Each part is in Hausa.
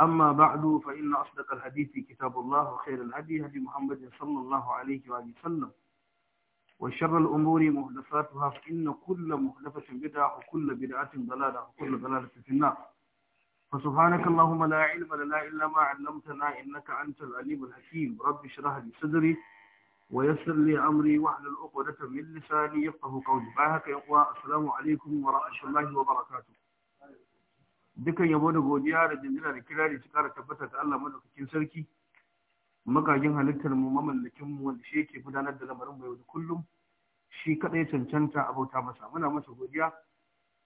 أما بعد فإن أصدق الحديث كتاب الله وخير الهدي هدي محمد صلى الله عليه وآله وسلم وشر الأمور محدثاتها فإن كل محدثة بدعة وكل بدعة ضلالة وكل ضلالة في النار فسبحانك اللهم لا علم لنا إلا ما علمتنا إنك أنت العليم الحكيم رب اشرح لي صدري ويسر لي أمري واحلل عقدة من لساني يفقه قولي بعدك يقوى السلام عليكم ورحمة الله وبركاته dukan yabo da godiya da jinjina da kirari su kara tabbata ta Allah madaukakin sarki makagin halittar mu mamallakin mu wanda shi yake gudanar da lamarin mu yau da kullum shi kadai cancanta abota masa muna masa godiya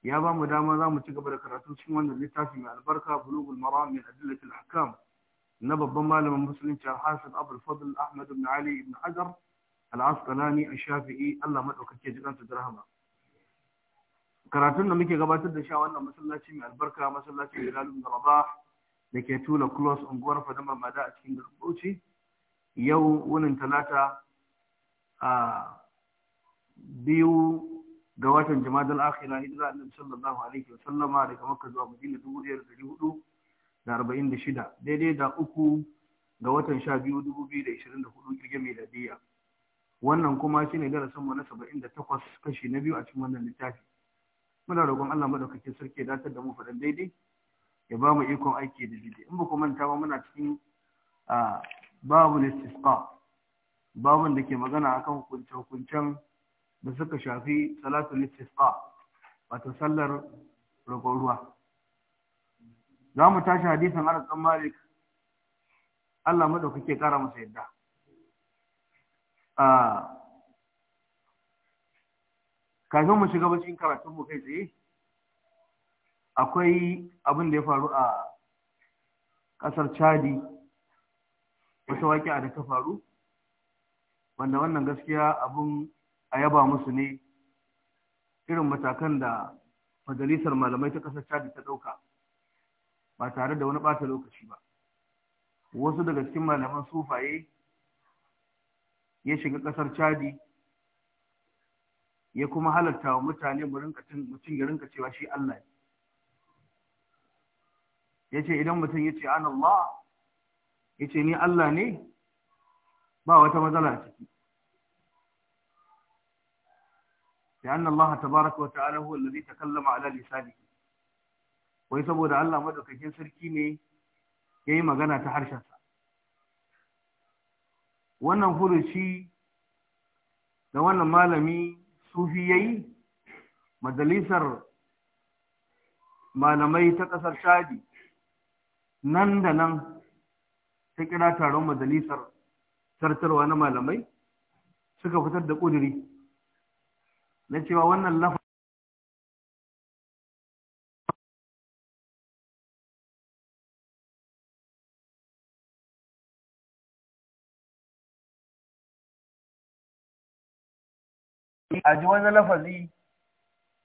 ya ba mu dama za mu ci gaba da karatu cikin wannan littafi mai albarka bulugul maram min al ahkam na babban malamin musulunci Hassan Abdul Fadl Ahmad ibn Ali ibn Hajar al-Asqalani al-Shafi'i Allah madaukake jikansa da rahama karatun da muke gabatar da shi a wannan masallaci mai albarka masallacin Bilal bin Rabah da ke Tula Close unguwar Fadamar Mada a cikin garin Bauchi yau wunin talata a biyu ga watan Jumadal Akhira hijira Annabi sallallahu alaihi wa sallama daga Makka zuwa Madina 1446 daidai da uku ga watan 12 2024 kirgin miladiyya wannan kuma shine darasin mu na 78 kashi na biyu a cikin wannan littafi muna roƙon Allah madaukakin sarki ya da mu faɗan daidai ya ba mu ikon aiki da daidai in ba ku manta ba muna cikin babu istisqa babun da ke magana akan hukunce hukuncen da suka shafi salatu ne istisqa wato sallar roƙon ruwa za mu tashi hadisin Anas Malik Allah madaukake kara masa yadda kafin mu shiga bacin karatun mu kai tsaye akwai abin da ya faru a kasar chadi wata a da ta faru wanda wannan gaskiya abin a yaba musu ne irin matakan da majalisar malamai ta kasar chadi ta ɗauka ba tare da wani bata lokaci ba wasu daga cikin malaman sufaye ya shiga kasar chadi ya kuma halatta wa mutane mutum ya rinka cewa shi Allah ya ce idan mutum ya ce an Allah ya ce ni Allah ne ba wata matsala ciki da an Allah tabaraka wa ta'ala huwa ta takallama ala lisanihi wai saboda Allah madaukakin sarki ne yayi magana ta harshensa wannan furuci da wannan malami sufi yayi majalisar malamai ta ƙasar shadi nan da nan ta kira taron majalisar tartarwa na malamai suka fitar da ƙuduri na cewa wannan lafa a ji wani lafazi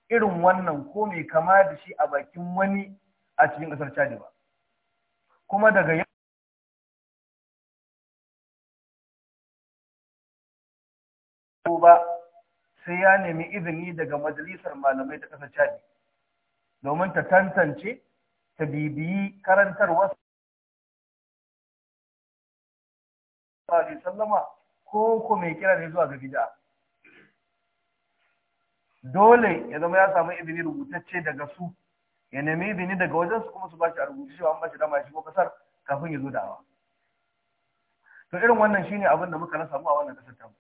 irin wannan ko mai kama da shi a bakin wani a cikin ƙasar cadi ba. Kuma daga yau ko ba sai ya nemi izini daga majalisar malamai ta ƙasar cadi domin ta tantance ta bibiyi karantarwa sallama ko ko mai kira ne zuwa ga bid'a. dole ya zama ya samu izini rubutacce daga su ya nemi izini daga wajen su kuma su ba shi a rubutu cewa an ba shi dama ko kasar kafin ya zo da awa. to irin wannan shine abin da muka rasa mu a wannan kasar tamu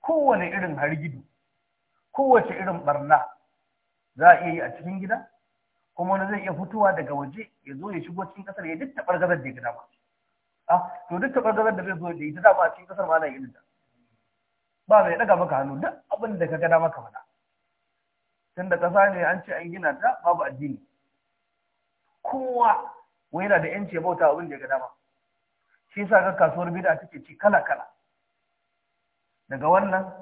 kowane irin hargidu kowace irin barna za a iya yi a cikin gida kuma wani zai iya fitowa daga waje ya zo ya shigo cikin kasar ya duk taɓar gazar da ya gada ba ah to duk taɓar gazar da zai zo da ita dama a cikin kasar ma na yi ta ba mai ɗaga maka hannu duk abin da ka gada maka faɗa tun da ƙasa ne an ce an gina ta babu addini kowa wai yana da yanci bauta abin da ya gada ba shi yasa ka kasuwar bid'a take ci kala kala daga wannan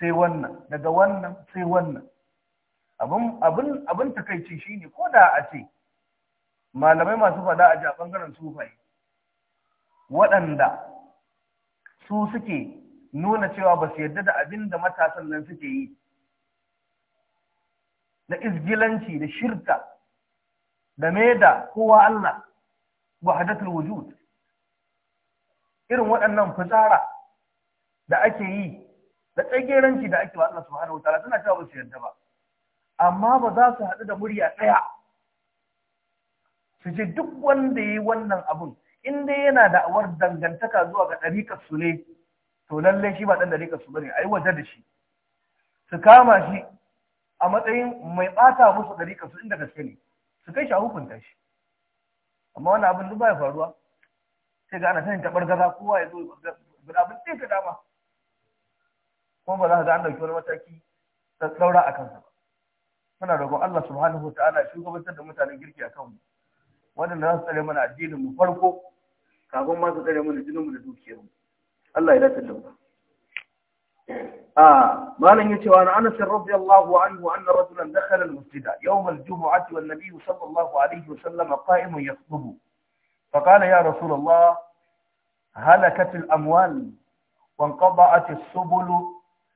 sai wannan daga wannan sai wannan abin abin abin takaici shine ko da a ce malamai masu fada a bangaren sufaye waɗanda su suke nuna cewa ba su yarda da abin da matasan nan suke yi da izgilanci da shirka da maida kowa Allah wahdatul wujud irin waɗannan fitsara da ake yi da tsageranci da ake wa Allah subhanahu wataala suna cewa ba su yarda ba amma ba za su haɗu da murya ɗaya su ce duk wanda ya yi wannan abun in dai yana awar dangantaka zuwa ga ɗarikar su ne to lallai shi ba ɗan rika su bane ai waje da shi su kama shi a matsayin mai ɓata musu rika su inda gaske ne su kai shi a hukunta shi amma wani abin duk bai faruwa sai ga ana sanin tabar gaza kowa ya zo ga abin sai ka dama kuma ba za ka ga an ɗauki wani mataki tsaura a kansa ba muna roƙon Allah subhanahu wa ta'ala shugabantar da mutanen girki a kanmu waɗanda za su tsare mana addinin mu farko kafin ma su tsare mana jinin mu da dukiyar mu Allah ya dace آه ما لن يتوى عن أنس رضي الله عنه أن رجلا دخل المسجد يوم الجمعة والنبي صلى الله عليه وسلم قائم يخطب فقال يا رسول الله هلكت الأموال وانقضعت السبل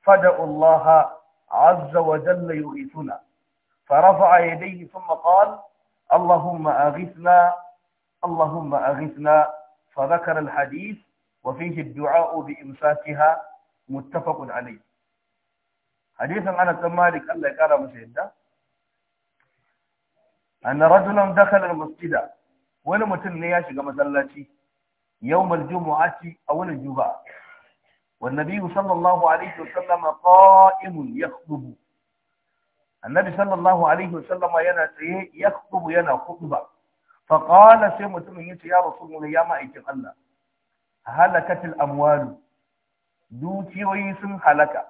فدعوا الله عز وجل يغيثنا فرفع يديه ثم قال اللهم أغثنا اللهم أغثنا فذكر الحديث وفيه الدعاء بإمساكها متفق عليه حديثا عن التمالك الله قال مسيدة أن رجلا دخل المسجد متن ونمتن ياشق مسلاتي يوم الجمعة أو الجبعة والنبي صلى الله عليه وسلم قائم يخطب النبي صلى الله عليه وسلم ينا يخطب ينا خطبا فقال سيمتن يتي يا رسول الله يا ما إيجي الله halakatil amwalu dukiyoyi sun halaka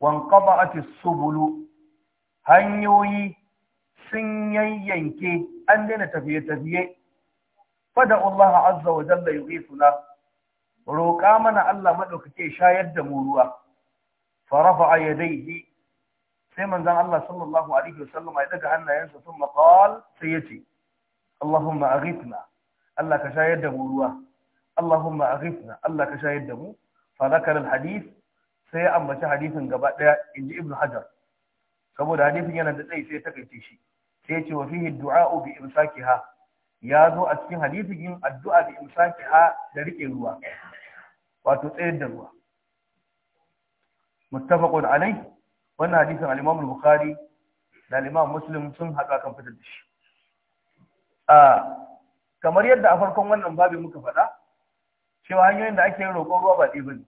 wanqada'atis subulu hanyoyi sun yayyanke an daina tafiye-tafiye fada Allah azza wa jalla suna, roƙa mana Allah maɗaukake shayar da mu ruwa farafa yadayhi sai manzon Allah sallallahu alaihi wasallam ya daga hannayensa sun qala sai yace Allahumma aghithna Allah ka shayar da mu ruwa Allahumma aghithna Allah ka shayar da mu fa zakara hadith sai ya ambaci hadisin gaba daya inji Ibn Hajar saboda hadisin yana da tsayi sai ya takaice shi sai ya ce wa fihi du'a'u bi imsakiha ya zo a cikin hadisin yin addu'a bi imsakiha da rike ruwa wato tsayar da ruwa muttafaqun alai wannan hadisin al-Imam al-Bukhari da al-Imam Muslim sun haɗa kan fitar da shi ah, kamar yadda a farkon wannan babi muka faɗa cewa hanyoyin da ake yin roƙon ruwa ba ɗi bane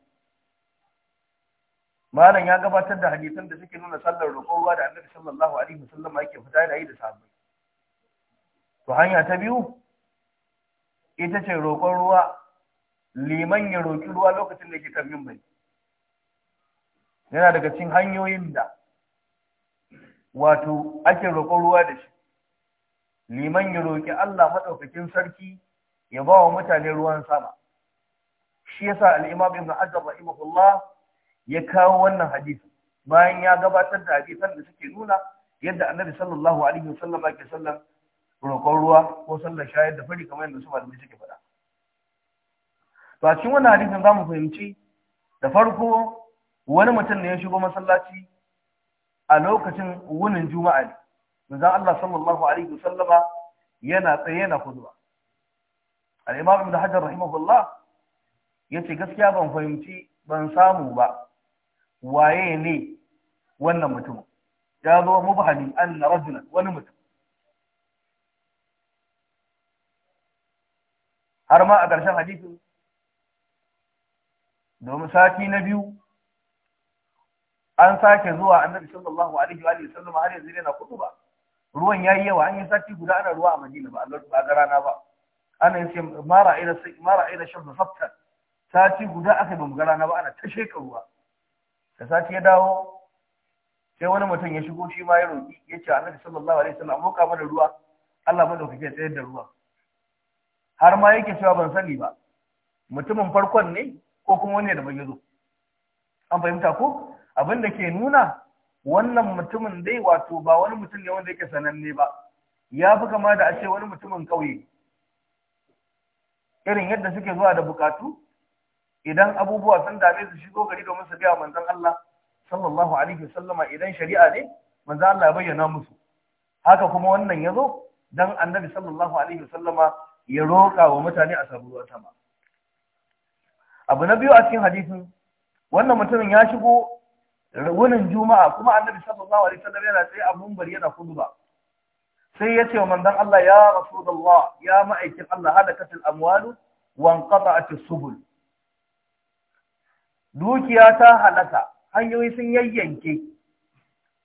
malam ya gabatar da hadisan da suke nuna sallar roƙon ruwa da annabi sallallahu alaihi wasallam yake fita da yi da sahabbai to hanya ta biyu ita ce roƙon ruwa liman ya roƙi ruwa lokacin da yake kan minbari yana daga cikin hanyoyin da wato ake roƙon ruwa da shi liman ya roƙi Allah maɗaukakin sarki ya ba wa mutane ruwan sama shi yasa al-imam ibn hajar rahimahullah ya kawo wannan hadisi bayan ya gabatar da hadisan da suke nuna yadda annabi sallallahu alaihi wasallam yake sallan roƙon ruwa ko sallar shayar da fari kamar yadda su malamai suke faɗa to a cikin wannan hadisin mu fahimci da farko wani mutum ne ya shigo masallaci a lokacin wunin juma'a ne manzon Allah sallallahu alaihi wasallama yana tsaye yana kuduwa al-imam ibn hajar rahimahullah ya ce gaskiya ban fahimci ban samu ba waye ne wannan mutum ya zo mubhami na rajulan wani mutum har ma a ƙarshen hadisin domin sati na biyu an sake zuwa annabi sallallahu alaihi wa sallam har yanzu yana kudu ba ruwan yayi yawa an yi sati guda ana ruwa a Madina ba a ba ga rana ba ana yin mara ila mara ila shamsu sabtan sati guda aka ba mu gara na ba ana ta sheka ruwa da sati ya dawo sai wani mutum ya shigo shi ma ya roƙi ya ce annabi sallallahu alaihi wasallam ka mana ruwa Allah ma ya tsayar da ruwa har ma yake cewa ban sani ba mutumin farkon ne ko kuma wani da bai zo an fahimta ko abin da ke nuna wannan mutumin dai wato ba wani mutum ne wanda yake sananne ba ya fi kama da a ce wani mutumin ƙauye irin yadda suke zuwa da bukatu idan abubuwa sun dame su shigo gari domin su gaya manzon Allah sallallahu alaihi wasallama idan shari'a ne manzon Allah ya bayyana musu haka kuma wannan ya zo dan annabi sallallahu alaihi wasallama ya roƙa wa mutane a sabuwar sama abu na biyu a cikin hadisin wannan mutumin ya shigo wunin juma'a kuma annabi sallallahu alaihi wasallam yana tsaye a mumbar yana kuduba sai ya ce wa manzon Allah ya rasulullah ya ma'aikin Allah halakatul amwalu wa inqata'atis subul dukiya ta halaka hanyoyi sun yayyanke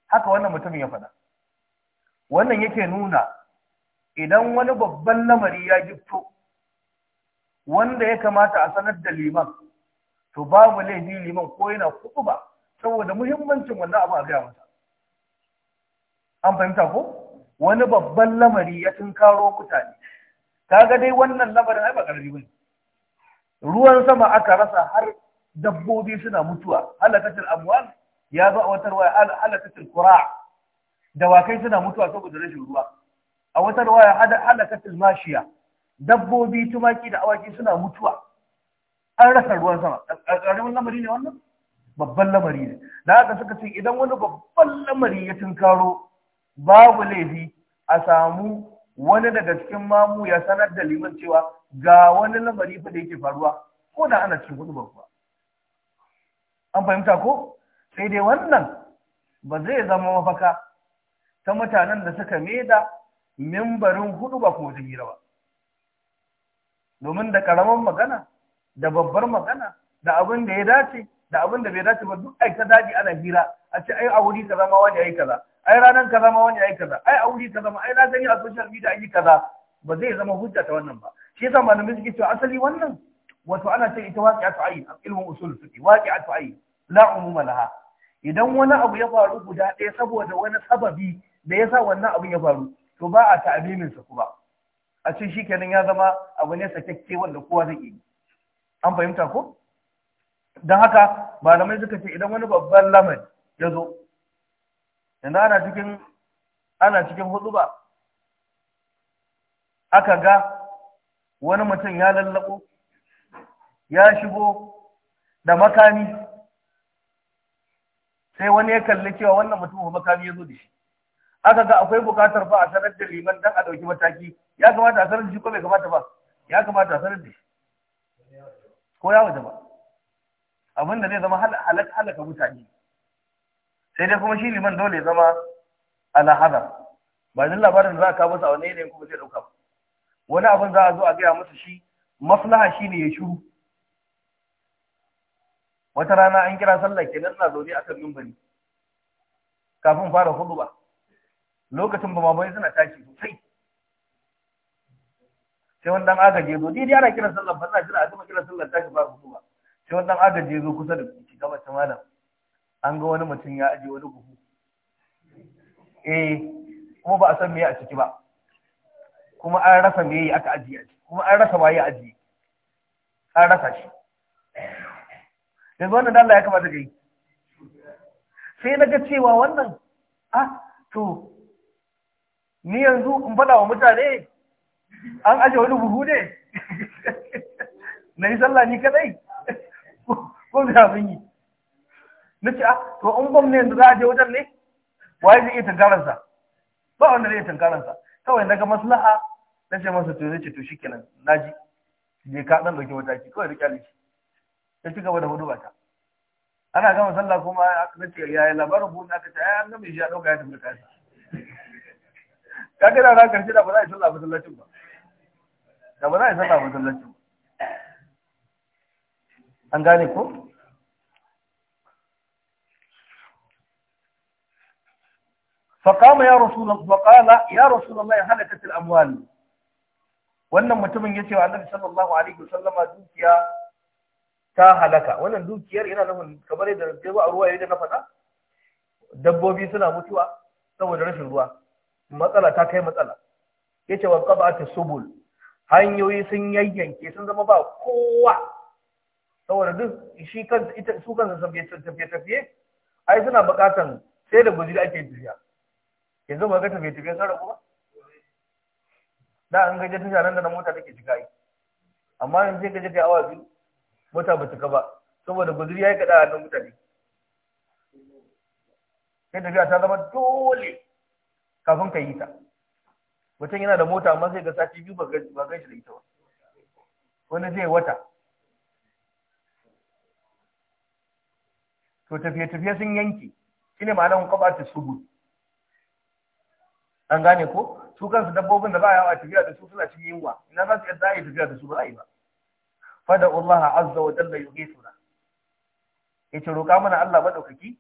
haka wannan mutumin ya faɗa wannan yake nuna idan wani babban lamari ya gifto wanda ya kamata a sanar da liman to babu laifi liman ko yana kuɗu ba saboda muhimmancin wannan abu a gaya masa an fahimta ko wani babban lamari ya tunkaro mutane kaga dai wannan lamarin ai ba ƙarfi ba ruwan sama aka rasa har dabbobi suna mutuwa halakatul amwal ya zo a wata ruwaya halakatul qura dawakai suna mutuwa saboda rashin ruwa a wata ruwaya halakatul mashiya dabbobi tumaki da awaki suna mutuwa an rasa ruwan sama ƙaramin lamari ne wannan babban lamari ne da haka suka ce idan wani babban lamari ya tunkaro babu laifi a samu wani daga cikin mamu ya sanar da liman cewa ga wani lamari fa da yake faruwa ko da ana cikin hudu babba an fahimta ko sai dai wannan ba zai zama mafaka ta mutanen da suka meda mimbarin hudu ba kuma ta hira ba domin da karaman magana da babbar magana da abin da ya dace da abin da bai dace ba duk ai ta daji ana hira a ce ai a wuri kaza ma wani ai kaza ai ranar kaza ma wani ai kaza ai a wuri kaza ma ai na gani a social media ai kaza ba zai zama hujja ta wannan ba shi yasa malamin suke cewa asali wannan wato ana ce ita waqi'atu a ilmin usul fiqh waqi'atu ayn la’umuma laha idan wani abu ya faru guda ɗaya saboda wani sababi da ya sa wannan abin ya faru to ba a ta'abiminsa sa kuma a cikin shi kenan ya zama abu ne sakakke wanda kowa zai yi an fahimta ko don haka malamai suka ce idan wani babban lamar ya zo yanzu ana cikin ana cikin huduba aka ga wani mutum ya lallabo ya shigo da makami sai wani ya kalli cewa wannan mutum makami ya zo da shi aka ga akwai bukatar ba a sanar da liman dan a ɗauki mataki ya kamata a sanar da shi ko bai kamata ba ya kamata a sanar da shi ko ya waje ba abin da zai zama halak halaka mutane sai dai kuma shi liman dole ya zama ala hadar ba duk labarin da za a kawo masa wani yanayin kuma zai ɗauka ba wani abin za a zo a gaya masa shi maslaha shine ya shiru wata rana an kira sallah kenan na zaune kan mimbari kafin fara huduba lokacin ba mabai suna tashi sosai sai wani dan agaje zo dai ana kira sallah ba za jira a gama kira sallah tashi fara huduba sai wani dan agaje zo kusa da ki gaba ta malam an ga wani mutum ya aje wani buhu eh kuma ba a san me a ciki ba kuma an rasa me aka ajiye kuma an rasa waye ajiye an rasa shi yanzu wannan da Allah ya kamata ka yi sai na ga cewa wannan ah to ni yanzu in faɗa wa mutane an aje wani buhu ne na yi sallah ni kadai ko da abin yi na ce a ah, to in ne yanzu za a je wajen ne waye zai iya tankaransa ba wanda zai iya tankaransa kawai na ga maslaha na ce masa to zai ce to na naji je ka dan dauki mataki kawai da alishi ta ci gaba da hudu bata ana gama sallah kuma na ya yi labarin hudu aka ce ai an mai shi ya ɗauka ya tafi kasa kaga da karshe da ba za a yi sallah masallacin ba da ba za a yi sallah masallacin ba an gane ko فقام يا رسول الله فقال يا رسول الله هلكت الاموال wannan mutumin ya ce wa annabi sallallahu alaihi sallama dukiya ta halaka wannan dukiyar yana nufin kamar yadda ta ba a ruwa yadda na faɗa dabbobi suna mutuwa saboda rashin ruwa matsala ta kai matsala yace wa qabata subul hanyoyi sun yayyanke sun zama ba kowa saboda duk shi kansa ita su kansa sun biye tafiye tafiye ai suna buƙatan sai da guzuri ake tafiya yanzu ba ga tafiye tafiye sarrafa ba da an gaje tafiya nan da mota take shiga yi amma yanzu sai gaje kai awa biyu mota ba cika ba saboda guzuri ya yi kaɗa a nan mutane sai tafiya ta zama dole kafin ka yi ta mutum yana da mota amma sai ga sati biyu ba gan shi da ita ba wani zai wata to tafiye-tafiye sun yanke shi ne ma'anar kwabata subu an gane ko su kansu dabbobin da ba a yawa tafiya da su suna cin yunwa ina za su yadda a yi tafiya da su ba a yi ba fada Allah azza wa jalla yughithuna yace roƙa mana Allah madaukaki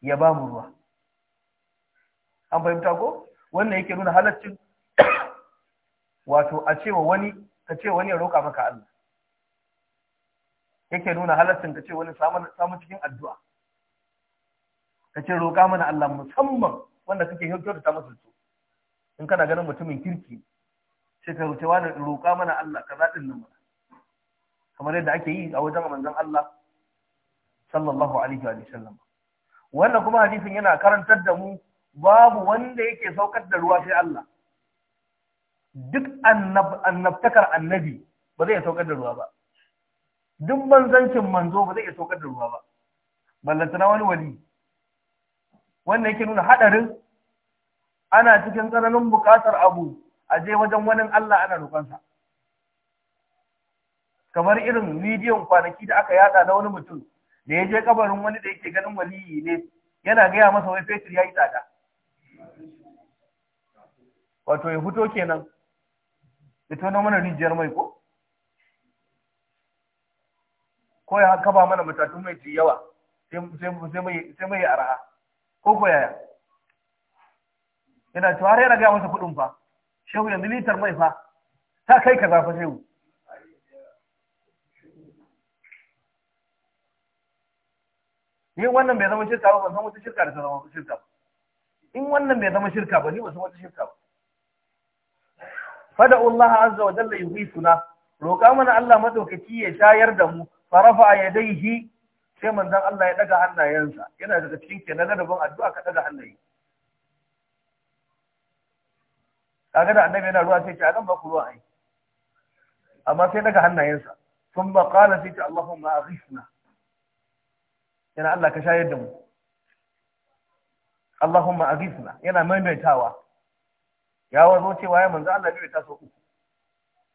ya ba mu ruwa an fahimta ko wannan yake nuna halaccin wato a cewa wani ka ce wani ya roƙa maka Allah yake nuna halaccin ka ce wani samun cikin addu'a ka ce roƙa mana Allah musamman wanda kake hujjar ta masu su in kana ganin mutumin kirki sai ka wuce wani roƙa mana Allah ka zaɗin nan mana kamar yadda ake yi a wajen manzon Allah sallallahu alaihi wa sallam wannan kuma hadisin yana karantar da mu babu wanda yake saukar da ruwa sai Allah duk annabtakar annabi ba zai saukar da ruwa ba duk manzancin manzo ba zai saukar da ruwa ba ballantana wani wali wannan yake nuna hadarin ana cikin tsananin bukatar abu a je wajen wani Allah ana roƙonsa. kamar irin bidiyon kwanaki da aka yada na wani mutum da ya je kabarin wani da yake ganin waliyi ne yana gaya masa wai fetur ya yi tsada wato ya fito kenan ya tona mana rijiyar mai ko ko ya kaba mana matatun mai ji yawa sai mai araha ko ko yaya yana cewa yana gaya masa kuɗin fa shehu yanzu litar mai fa ta kai ka fa shehu ni wannan bai zama shirka ba ban san wata shirka da ta zama shirka ba in wannan bai zama shirka ba ni ba san wata shirka ba fada Allah azza wa jalla yuhisuna roƙa mana Allah madaukaki ya shayar da mu farafa yadaihi sai manzon Allah ya daga hannayensa yana daga cikin kenan rabon addu'a ka daga hannaye kaga da annabi yana ruwa sai ce akan ba ku ruwa ai amma sai daga hannayensa sun ba qala sai ce Allahumma aghithna yana Allah ka shayar da mu Allahumma na. yana maimaitawa ya wazo cewa ya manzo Allah bai taso uku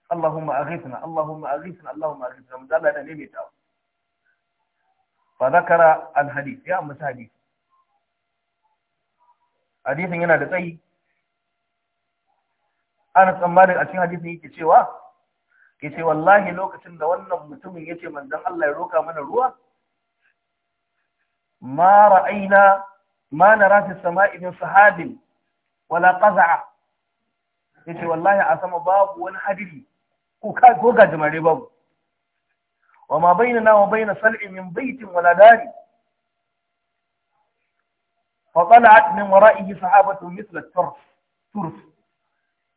Allahumma aghithna Allahumma aghithna Allahumma aghithna manzo Allah yana maimaitawa fa zakara al hadith ya amma hadith Hadithin yana da tsayi ana tsammanin a cikin hadisin yake cewa ke ce wallahi lokacin da wannan mutumin ya ce manzon Allah ya roka mana ruwa ما رأينا ما نرى في السماء من سحاب ولا قزع yace wallahi a sama babu wani hadiri ko ka ko gajimare babu wa ma bainana wa baina sal'in min baitin wala dari fa tala'at min wara'ihi sahabatu mithla turf turf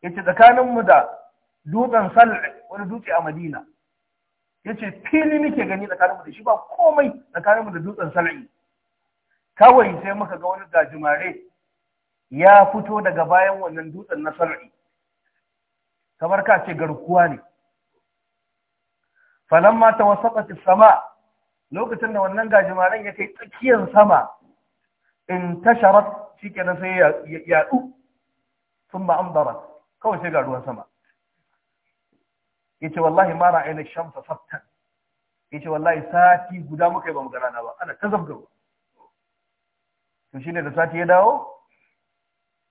yace tsakanin mu da dutsen sal'i wani dutse a Madina yace fili nake gani tsakanin mu da shi ba komai tsakanin mu da dutsen sal'i kawai sai muka ga wani gajimare ya fito daga bayan wannan dutsen na sar'i kamar ka ce garkuwa ne falamma tawassaqatis sama lokacin da wannan gajimaren ya kai tsakiyar sama in tasharat shikenan sai ya yadu an bara kawai sai ga ruwan sama yace wallahi ma ainihin shamsa Ya yace wallahi sati guda muka yi ba mu ga ba ana ta zabgarwa to shine da sati ya dawo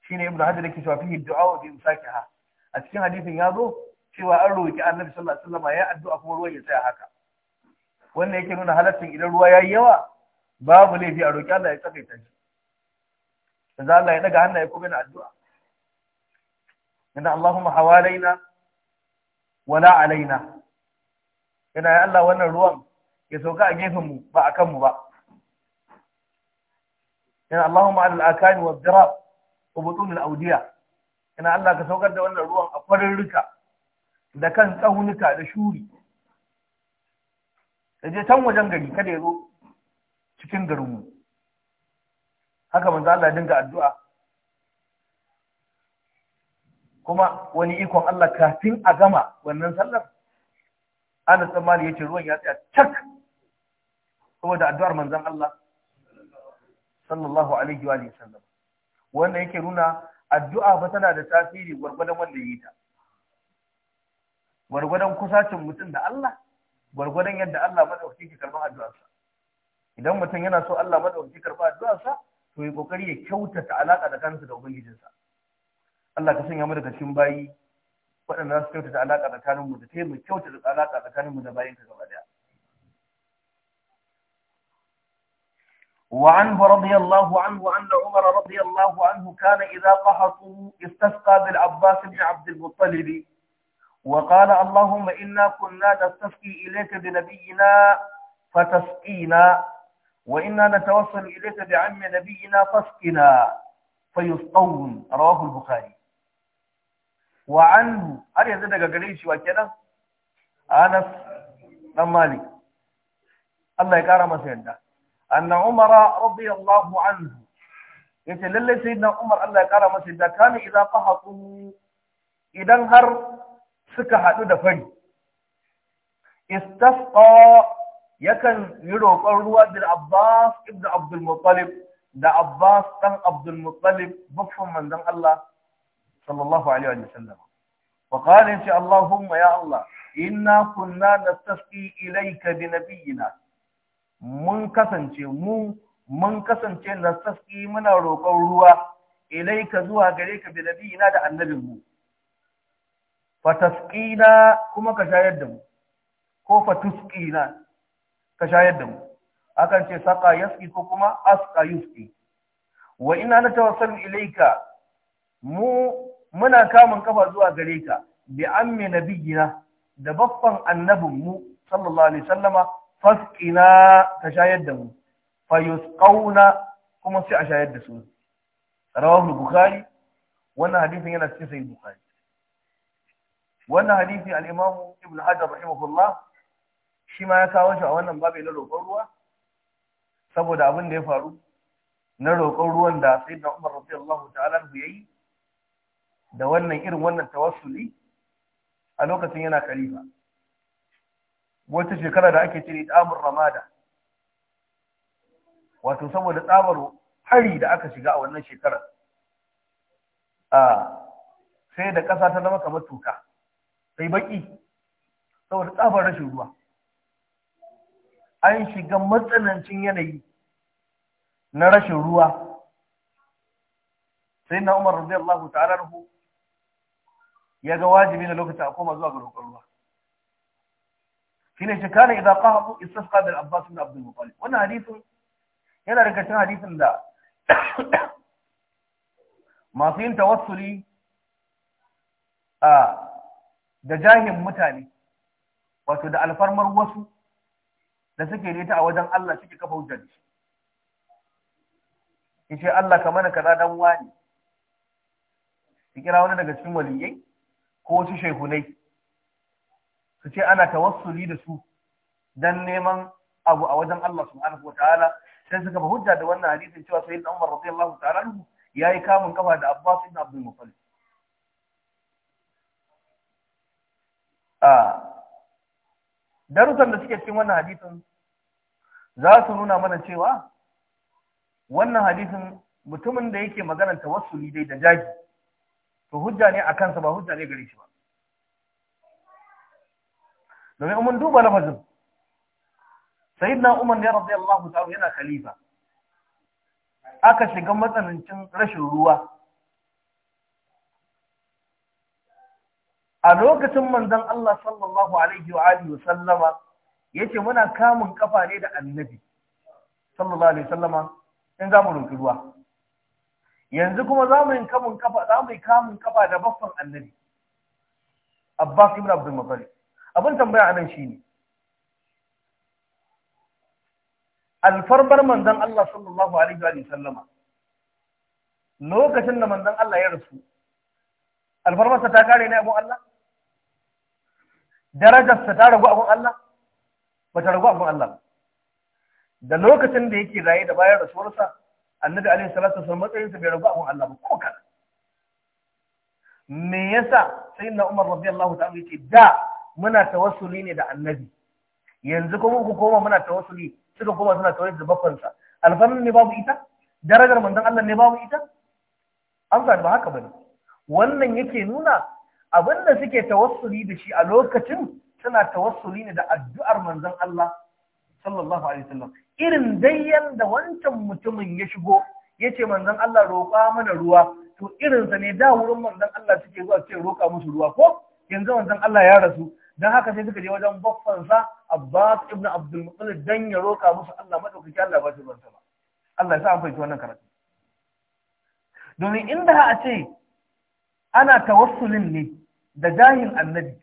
shine ibnu hajar yake cewa fihi du'a bi imsakiha a cikin hadisin ya zo cewa an roki annabi sallallahu alaihi wasallam ya addu'a kuma ruwan ya tsaya haka wannan yake nuna halaccin idan ruwa yayi yawa babu laifi a roki Allah ya tsakaita shi yanzu Allah ya daga hannaye kuma yana addu'a inna Allahumma hawalaina wala alaina yana ya Allah wannan ruwan ya sauka a gefen mu ba akan mu ba ina Allahumma alal wa dirab wa butun al’audiya ina Allah ka saukar da wannan ruwan a farin rika da kan tsaunuka da shuri da je can wajen gari kada ya zo cikin garinmu haka manzo Allah dinga addu'a kuma wani ikon Allah kafin a gama wannan sallar ana tsammani yace ruwan ya tsaya cak saboda addu'ar manzon Allah sallallahu alaihi wa sallam wanda yake nuna addu'a ba tana da tasiri gwargwadon wanda yi ta gwargwadon kusacin mutum da Allah gwargwadon yadda Allah madaukaki ke addu'a addu'arsa idan mutum yana so Allah madaukaki karba addu'arsa to yi kokari ya kyautata alaka da kansa da ubangijinsa Allah ka sanya mu daga cikin bayi waɗanda su kyautata alaka tsakanin mu da taimaka kyautata alaka tsakanin mu da bayin ka gaba وعنه رضي الله عنه أن عمر رضي الله عنه كان إذا قهطه استسقى بالعباس بن عبد المطلب وقال اللهم إنا كنا نستسقي إليك بنبينا فتسقينا وإنا نتوصل إليك بعم نبينا فاسقنا فيسقون رواه البخاري وعنه هل يزدك قريش وكذا أنس بن مالك الله يكرمه سيدنا أن عمر رضي anhu, عنه yace lallai sai na Umar Allah ya kara masa da kana idan qahatu idan har suka haɗu da fari istasqa yakan yi roƙon ruwa bil Abbas ibn Abdul Muttalib da Abbas dan Abdul Muttalib baffan manzon Allah sallallahu alaihi wa sallam wa qala insha Allahumma ya Allah inna kunna nastasqi ilayka bi nabiyyina mun kasance mu mun kasance na saski muna roƙon ruwa ilaika zuwa gare ka bi nabiyina da annabin mu fatasqina kuma ka shayar da mu ko fatusqina ka shayar da mu akan ce saqa yasqi ko kuma asqa yusqi wa inna tawassal ilaika mu muna kamun kafa zuwa gare ka bi amme nabiyina da baffan annabin mu sallallahu alaihi sallama fasƙina ta shayar da mu fayus ƙauna kuma sai a shayar da su rawar bukhari wannan hadisin yana cikin sai bukari wannan hadisi al'imamu Ibn ibn hajar rahimahullah shi ma ya kawo shi a wannan babu na roƙon ruwa saboda abin da ya faru na roƙon ruwan da sayyidina umar radiyallahu ta'ala ya yi da wannan irin wannan tawassuli a lokacin yana khalifa wata shekara da ake cire tsamin ramada wato saboda tsabar hari da aka shiga a wannan shekarar sai da ƙasa ta zama kamar tuka sai baki saboda tsabar rashin ruwa an shiga matsanancin yanayi na rashin ruwa sai na umar radiyallahu ta'ala ya ga wajibi na lokacin a koma zuwa ga roƙon ruwa shine shi kana idza qahadu istasqa bil abbas bin abdul muttalib wannan hadisin yana daga cikin hadisin da masu yin tawassuli a ah, da jahin mutane wato da alfarmar wasu da suke nita a wajen Allah suke kafa hujjar shi yace Allah ka mana kaza dan wani ki kira wani daga cikin waliyai ko wasu shehunai su ce ana tawassuli da su dan neman abu a wajen Allah subhanahu wa ta'ala sai suka ba hujja da wannan hadisin cewa sayyid Umar radiyallahu ta'ala anhu yayi kamun kafa da Abbas ibn Abdul Muttalib a darussan da suke cikin wannan hadisin za su nuna mana cewa wannan hadisin mutumin da yake maganar tawassuli dai da jaji to hujja ne a kansa ba hujja ne gare shi ba domin mun duba lafazin sayyidina umar ne Allah ta'ala yana khalifa aka shiga matsanancin rashin ruwa a lokacin manzon Allah sallallahu alaihi wa alihi wa sallama yace muna kamun kafa ne da annabi sallallahu alaihi wa sallama in za mu roki ruwa yanzu kuma za mu yi kamun kafa za mu yi kamun kafa da baffan annabi Abbas ibn Abdul Muttalib abin tambaya anan ne. alfarbar manzon Allah sallallahu alaihi wa sallama lokacin da manzon Allah ya rasu alfarbarsa ta kare ne abin Allah darajarsa ta ragu abin Allah ba ta ragu abin Allah ba da lokacin da yake raye da bayan rasuwarsa annabi alaihi salatu wasallam matsayinsa bai ragu abin Allah ba ko kana me yasa sayyidina Umar radiyallahu ta'ala yake da muna tawassuli ne da annabi yanzu kuma ku koma muna tawassuli suka koma suna tawassuli da bakwansa alfanun ne babu ita darajar manzon Allah ne babu ita amsa ba haka bane wannan yake nuna abinda suke tawassuli da shi a lokacin suna tawassuli ne da addu'ar manzon Allah sallallahu alaihi wasallam irin dai da wancan mutumin ya shigo yace manzon Allah roƙa mana ruwa to irinsa ne da wurin manzon Allah suke zuwa ce roƙa musu ruwa ko yanzu manzon Allah ya rasu dan haka sai suka je wajen baffansa Abbas ibn Abdul Muttalib dan ya roka musu Allah madaukaki Allah ba shi ruwansa ba Allah ya sa an fahimci wannan karatu domin inda a ce ana tawassulin ne da jahil annabi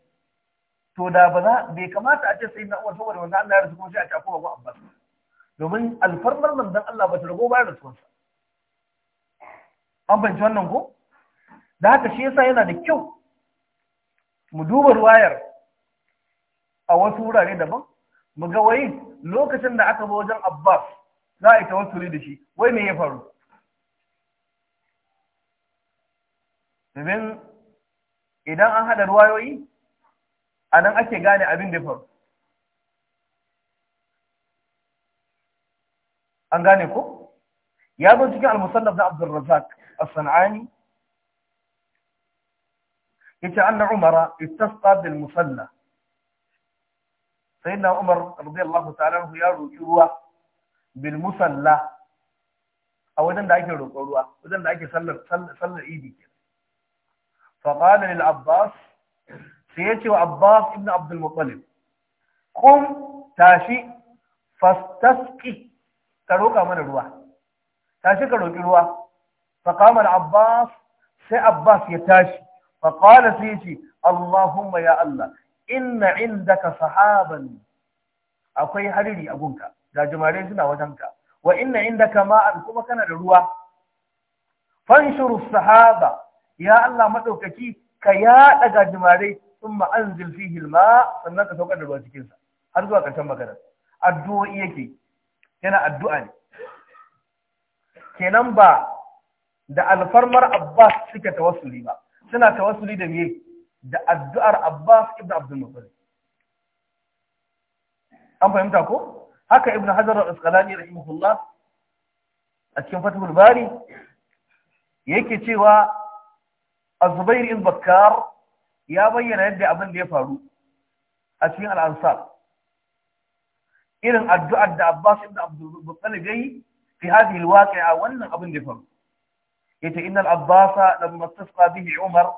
to da ba za bai kamata a ce sai na uwar saboda wanda Allah ya rasu kuma sai a tafi wa Abbas domin alfarmar manzon Allah ba ta rago ba da wansa. an fahimci wannan ko da haka shi yasa yana da kyau mu duba ruwayar a wasu wurare daban mu ga wai lokacin da aka zo wajen Abbas za a yi tawassuli da shi wai me ya faru domin idan an haɗa ruwayoyi a nan ake gane abin da faru an gane ko ya zo cikin al-musannaf na Abdul Razak as-San'ani yace anna Umara istasqa bil musalla sayyidina Umar radiyallahu ta'ala anhu ya roƙi ruwa bil musalla a wajen da ake roƙon ruwa wajen da ake sallar sallar idi kenan fa qala lil abbas sai ya ce wa abbas ibn abd al muttalib qum tashi fastasqi ka roƙa mana ruwa tashi ka roƙi ruwa fa qama al abbas sai abbas ya tashi fa qala sai ya ce allahumma ya allah inna indaka sahaban akwai hariri a gunka gajimare suna wajenka wa inna indaka ma'an kuma kana da ruwa fanshuru sahaba ya Allah madaukaki ka yaɗa gajimare thumma anzil fihi alma sannan ka saukar da ruwa cikin sa har zuwa karshen magana addu'o'i yake yana addu'a ne kenan ba da alfarmar Abbas suka tawassuli ba suna tawassuli da me da addu'ar Abbas ibn Abdul Muttalib an fahimta ko haka ibn Hajar al-Asqalani rahimahullah a cikin Fathul Bari yake cewa Az-Zubair ibn Bakkar ya bayyana yadda abin da ya faru a cikin al'ansar. irin addu'ar da Abbas ibn Abdul Muttalib yayi fi hadhihi al-waqi'a wannan abin da ya faru yace innal Abbas lamma tasqa bihi Umar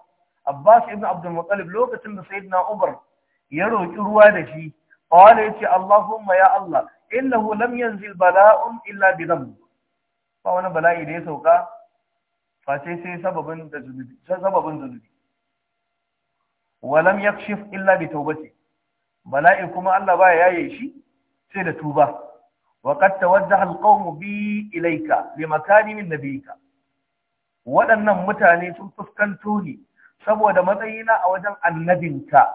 Abbas ibn Abdul Muttalib lokacin da Sayyidina Umar ya roki ruwa da shi qala yace Allahumma ya Allah innahu lam yanzil bala'un illa bi dhanb ba wani bala'i da ya sauka face sai sababin da zunubi sababin zunubi wa lam yakshif illa bi tawbati bala'i kuma Allah ba yaye shi sai da tuba wa qad tawajjaha alqawmu bi ilayka li makani min nabiyika waɗannan mutane sun fuskanto ne. saboda matsayina a wajen annabinka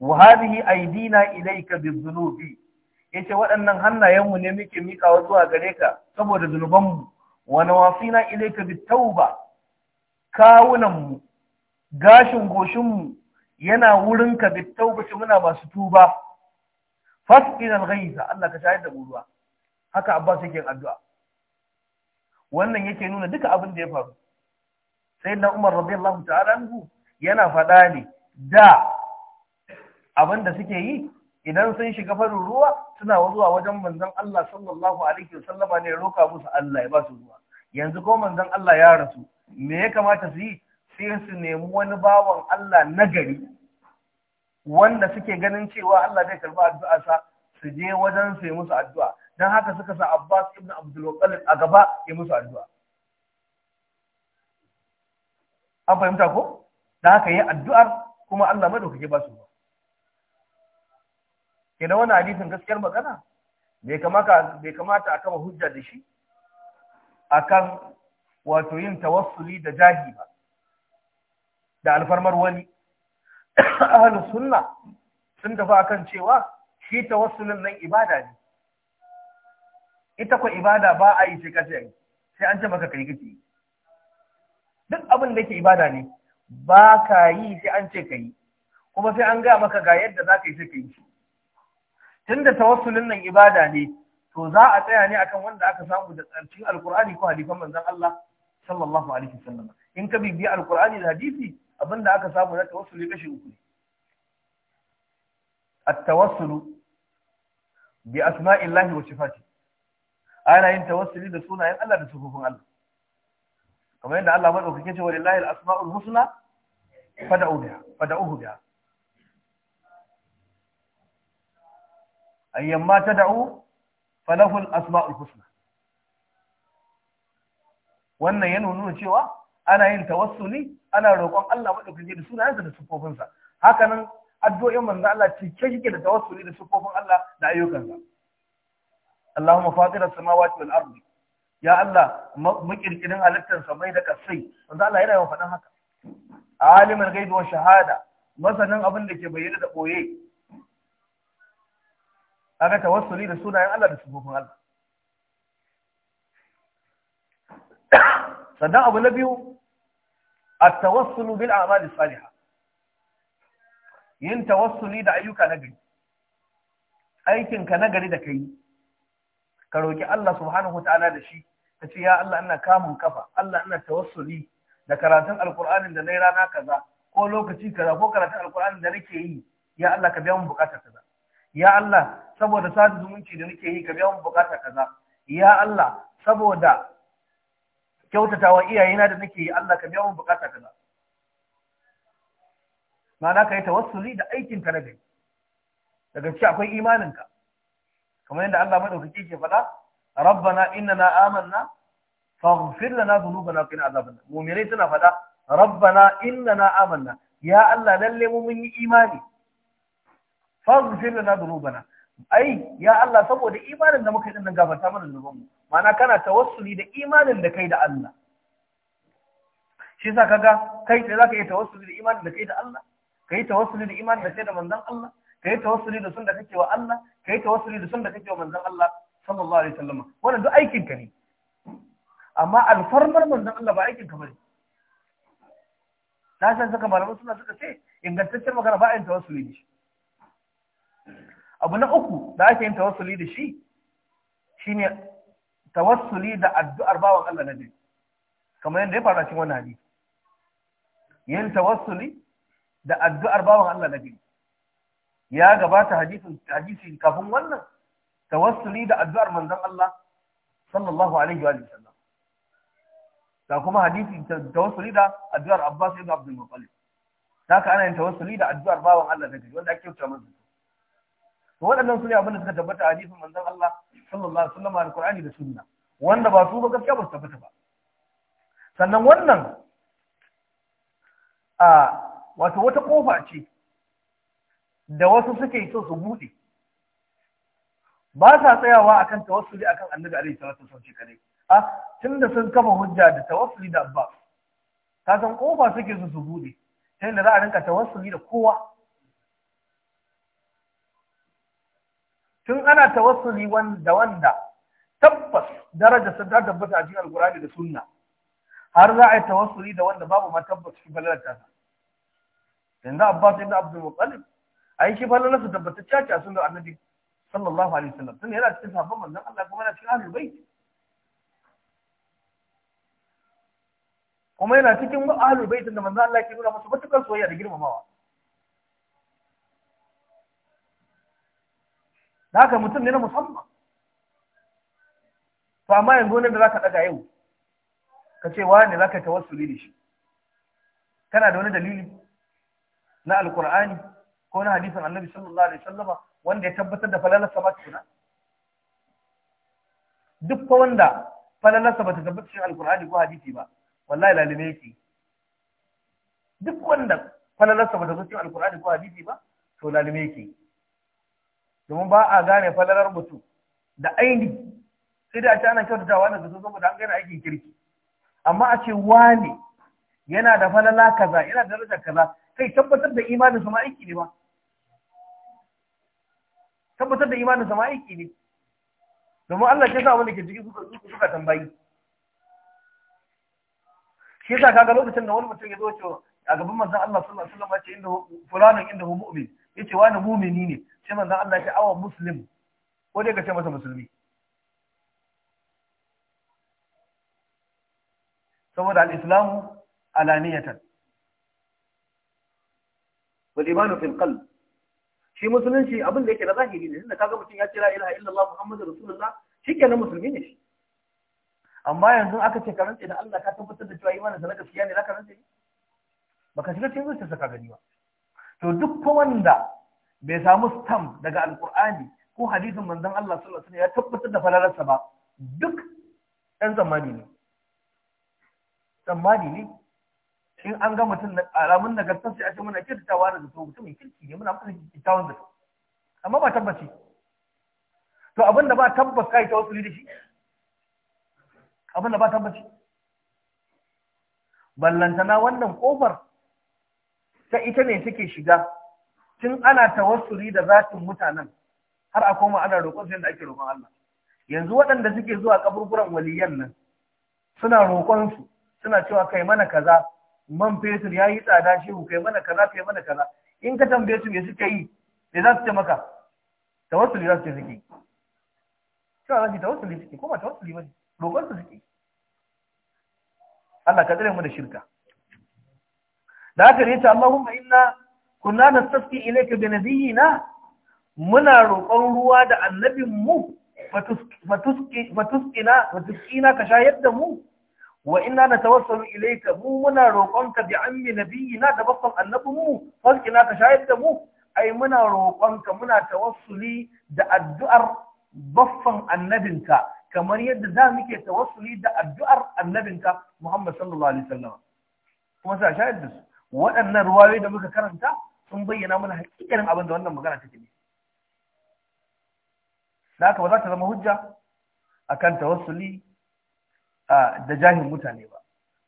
wa hadhihi aydina ilayka bizunubi yace waɗannan hannayenmu ne muke mikawa zuwa gare ka saboda zunubanmu wa nawafina ilayka bitauba kawunanmu gashin goshinmu yana wurinka bitaubaci muna masu tuba fasqina alghayza Allah ka shayar da ruwa haka Abbas yake addu'a wannan yake nuna duka abin da ya faru na Umar lahun ta'ala anhu yana faɗa ne da abin da suke yi idan sun shiga farin ruwa suna zuwa wajen manzon Allah sallallahu alaihi wasallama ne roka musu Allah ya ba su ruwa yanzu ko manzon Allah ya rasu me ya kamata su yi sai su nemi wani bawan Allah na gari wanda suke ganin cewa Allah zai karba addu'a sa su je wajen su sai musu addu'a Don haka suka sa Abbas ibn Abdul Muttalib a gaba ya musu addu'a an fahimta ko da haka yi addu'ar kuma Allah madaukake ba su ba kenan wannan hadisin gaskiyar magana bai kamata bai kamata a kama hujja da shi akan wato yin tawassuli da jahi ba da alfarmar wani ahlus sunna sun tafi akan cewa shi tawassulin nan ibada ne ita ko ibada ba a yi sai kace sai an ce maka kai kake duk abin da yake ibada ne ba ka yi sai an ce ka yi kuma sai an gaya maka ga yadda za ka yi sai ka yi tun da tawassulin nan ibada ne to za a tsaya ne akan wanda aka samu da tsarkin alkur'ani ko hadifan manzon Allah sallallahu alaihi wasallam in ka bibiya alkur'ani da hadisi da aka samu na tawassuli kashi uku ne tawassulu bi asma'illahi wa sifatihi ana yin tawassuli da sunayen Allah da sufufin Allah kamar yadda Allah madaukakin ce walillahi al-asma'ul husna fad'u biha fad'uhu biha ayyamma tad'u falahu al-asma'ul husna wannan yana nuna cewa ana yin tawassuli ana roƙon Allah madaukakin da sunayensa da sifofinsa hakanan addu'o'in manzo Allah cike shi da tawassuli da sifofin Allah da ayyukansa Allahumma fatir as-samawati wal ardi ya Allah makirkirin halittar samai da kasai wanda Allah yana yawan faɗin haka alimul ghaibi wa shahada masanin abin da ke bayyana da boye aka tawassuli da sunayen Allah da sunan Allah sannan abu na biyu at-tawassulu bil a'malis salihah yin tawassuli da ayyuka na gari aikin ka na gari da kai ka roƙi Allah subhanahu ta'ala da shi ka ce ya Allah ina kamun kafa Allah ina tawassuli da karatun alqur'anin da nayi rana kaza ko lokaci kaza ko karatun alqur'anin da nake yi ya Allah ka biya mun bukata kaza ya Allah saboda sadu zumunci da nake yi ka biya mun bukata kaza ya Allah saboda kyautatawa iyayena da nake yi Allah ka biya mun bukata kaza ma'ana ka yi tawassuli da aikin ka na gari daga ci akwai imaninka kamar yadda Allah madaukake ke faɗa rabbana innana amanna faghfir lana dhunubana wa qina adhaban mu'minai suna faɗa rabbana na, amanna ya Allah lalle mu mun yi imani faghfir lana dhunubana ai ya Allah saboda imanin da muka yi nan gafarta mana da zunubanmu ma'ana kana tawassuli da imanin da kai da Allah shi yasa kaga kai da zaka yi tawassuli da imanin da kai da Allah ka yi tawassuli da imanin da kai da manzon Allah kai tawassuli da sun da kake wa Allah kai tawassuli da sun da kake wa manzon Allah sallallahu alaihi wasallam wannan duk aikin ka ne amma alfarmar manzon Allah ba aikin ka bane Na san saka malamai suna suka ce ingantaccen magana ba a yin tawassuli da shi abu na uku da ake yin tawassuli da shi shine tawassuli da addu'ar bawan Allah na dai kamar yadda ya fara cikin wannan hadisi yin tawassuli da addu'ar bawan Allah na dai ya gabata hadisin hadisi kafin wannan tawassuli da addu'ar manzon Allah sallallahu alaihi wa sallam da kuma hadisi tawassuli da addu'ar Abbas ibn Abdul Muttalib haka ana yin tawassuli da addu'ar bawan Allah da wanda ake kyauta masa to waɗannan su ne abin da suka tabbata a hadisin manzon Allah sallallahu alaihi wa sallam alqur'ani da sunna wanda ba su ba gaskiya ba su tabbata ba sannan wannan a wato wata kofa ce da wasu suke so su buɗe ba sa tsayawa akan tawassuli akan annabi alaihi salatu wasallam shi kadai a ah, tunda sun kafa hujja da tawassuli da Abba, ka san kofa suke so su buɗe sai da za a rinka tawassuli da kowa tun ana tawassuli wanda wanda tabbas daraja sun ta tabbata a cikin alkurani da sunna har za a yi tawassuli da wanda babu ma tabbas shi sa yanzu abbas ibn abdul muttalib ai shi falalar su tabbatacciya ce a sunan annabi sallallahu alaihi wasallam tun yana cikin sahabban manzon Allah kuma yana cikin ahlul bait kuma yana cikin ahlul bait da manzon Allah ke nuna musu matukar soyayya da girmamawa da haka mutum ne na musamman to amma yanzu ne da zaka daga yau ka ce wa ne zaka tawassuli da shi kana da wani dalili na alqur'ani ko na hadisin annabi sallallahu alaihi wasallama wanda ya tabbatar da sa ba kuna duk ko wanda falalarsa ba ta tabbata shi alqur'ani ko hadisi ba wallahi lalime yake duk wanda falalarsa ba ta tabbata cikin alqur'ani ko hadisi ba to lalime yake domin ba a gane falalar mutum da aini sai da a ce ana kyautata wannan zo da an gane aikin kirki amma a ce wane yana da falala kaza yana da daraja kaza kai tabbatar da imanin su ma aiki ne ba tabbatar da imanin sama aiki ne domin Allah ke sa wanda ke jiki suka tambayi shi yasa kaga lokacin da wani mutum ya zo cewa a gaban manzon Allah sallallahu alaihi wasallam ya ce inda fulanin inda hu mu'min yace wani mu'mini ne sai manzon Allah ya ce awa muslim ko dai ka ce masa musulmi saboda al-islamu alaniyatan wal imanu fil qalb shi musulunci abin da yake na zahiri ne tunda kaga mutum ya ce la ilaha illallah muhammadur rasulullah shikenan musulmi ne shi amma yanzu aka ce karanta da Allah ka tabbatar da cewa imanin sa na gaskiya ne zaka rantsa baka shiga cikin zuciyarsa ka gani ba to duk ko wanda bai samu stam daga alqur'ani ko hadisin manzon Allah sallallahu alaihi wasallam ya tabbatar da falalarsa ba duk dan zamani ne zamani ne in an ga mutum na alamun nagartar sai a ce muna kyautatawa da zato mutumin kirki ne muna masa kyakkyawan zato amma ba tabbaci to abinda ba tabbas kai ta wasuli da shi abinda ba tabbaci ballantana wannan kofar ta ita ne take shiga tun ana tawassuli da zatin mutanen har a koma ana roƙon sai da ake roƙon Allah yanzu waɗanda suke zuwa kaburburan waliyan nan suna roƙon su suna cewa kai mana kaza man fetur ya yi tsada ku kai mana kaza kai mana kaza in ka tambaye su me suka yi me za su ce maka tawassuli za su ce suke cewa za su tawassuli suke Kuma ba tawassuli ba ne roƙon su suke Allah ka tsere mu da shirka da haka ne ta Allahumma inna kunna nastaski ilayka bi nabiyyina muna roƙon ruwa da annabin mu fatuskina ka shayar da mu wa na tawassalu ilayka mu muna roƙonka bi ammi nabiyina da bakon annabi mu fasqina ka shayar da mu ai muna roƙonka muna tawassuli da addu'ar baffan annabinka kamar yadda za muke tawassuli da addu'ar annabinka Muhammad sallallahu alaihi wasallam kuma sa shayar da su waɗannan ruwayoyi da muka karanta sun bayyana mana hakikanin abin da wannan magana take ne da haka ba za ta zama hujja akan tawassuli a da jahin mutane ba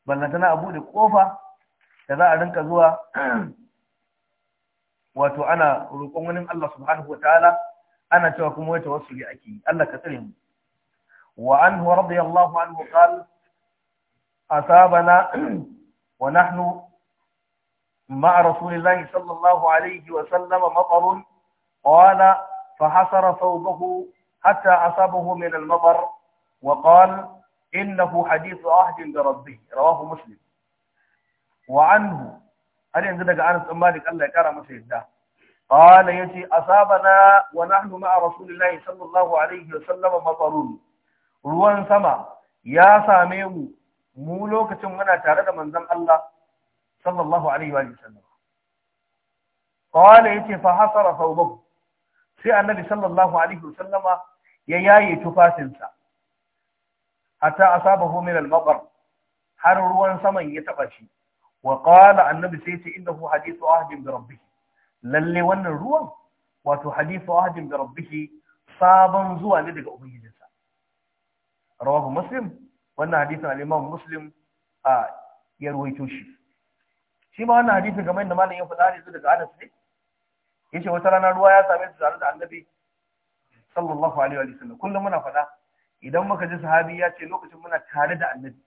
ballantana a buɗe ƙofa da za a rinka zuwa wato ana roƙon wani Allah subhanahu wata'ala ana cewa kuma wata wasu ya ake Allah ka tsere mu wa an warabda ya Allah wa a sabana wa nahnu ma a rasulillahi sallallahu alaihi wa sallama maɓarun ƙwala fa hasara sau bahu hatta asabahu min al-mabar wa innahu hadithu ahdin da rabbi rawahu muslim wa anhu har yanzu daga Anas bin Malik Allah ya kara masa yadda qala yace asabana wa nahnu ma'a rasulillahi sallallahu alaihi wa sallam ruwan sama ya same mu mu lokacin muna tare da manzon Allah sallallahu alaihi wa sallam qala yace fa hasara thawbahu sai annabi sallallahu alaihi wa sallama ya yaye tufafinsa hatta asabahu min al-maqar har ruwan saman ya taba shi wa qala annabi sai ce innahu hadithu ahdin bi rabbih lalle wannan ruwan wato hadithu ahdin bi rabbih sabon zuwa ne daga ubangijinsa rawahu muslim wannan hadisin al-imam muslim a ya ruwaito shi shi ma wannan hadisin kamar yadda malamin ya faɗa ne daga Anas ne yace wata rana ruwa ya same su tare da annabi sallallahu alaihi wa sallam kullum muna faɗa idan muka ji sahabi ya ce lokacin muna tare da annabi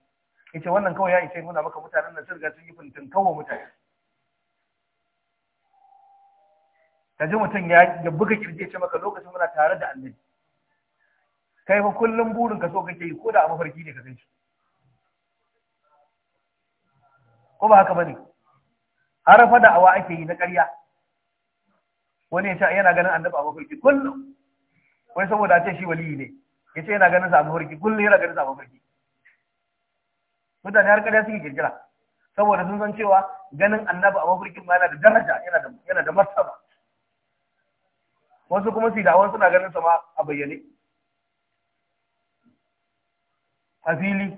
yace wannan kawai ya ishe nuna maka mutanen nan sun riga sun yi fintin kawo mutane ka ji mutum ya buga ya ce maka lokacin muna tare da annabi kai fa kullum burin ka so kake yi ko da a mafarki ne ka kai shi ko ba haka bane har fa da awa ake yi na ƙarya wani ya ce yana ganin annabi a mafarki kullum wai saboda a ce shi waliyi ne ya ce yana ganin sa a mafarki kullum yana ganin sa a mafarki mutane har kada suke kirkira saboda sun san cewa ganin annabi a mafarkin ma yana da daraja yana da martaba wasu kuma su suna ganin sa ma a bayyane a fili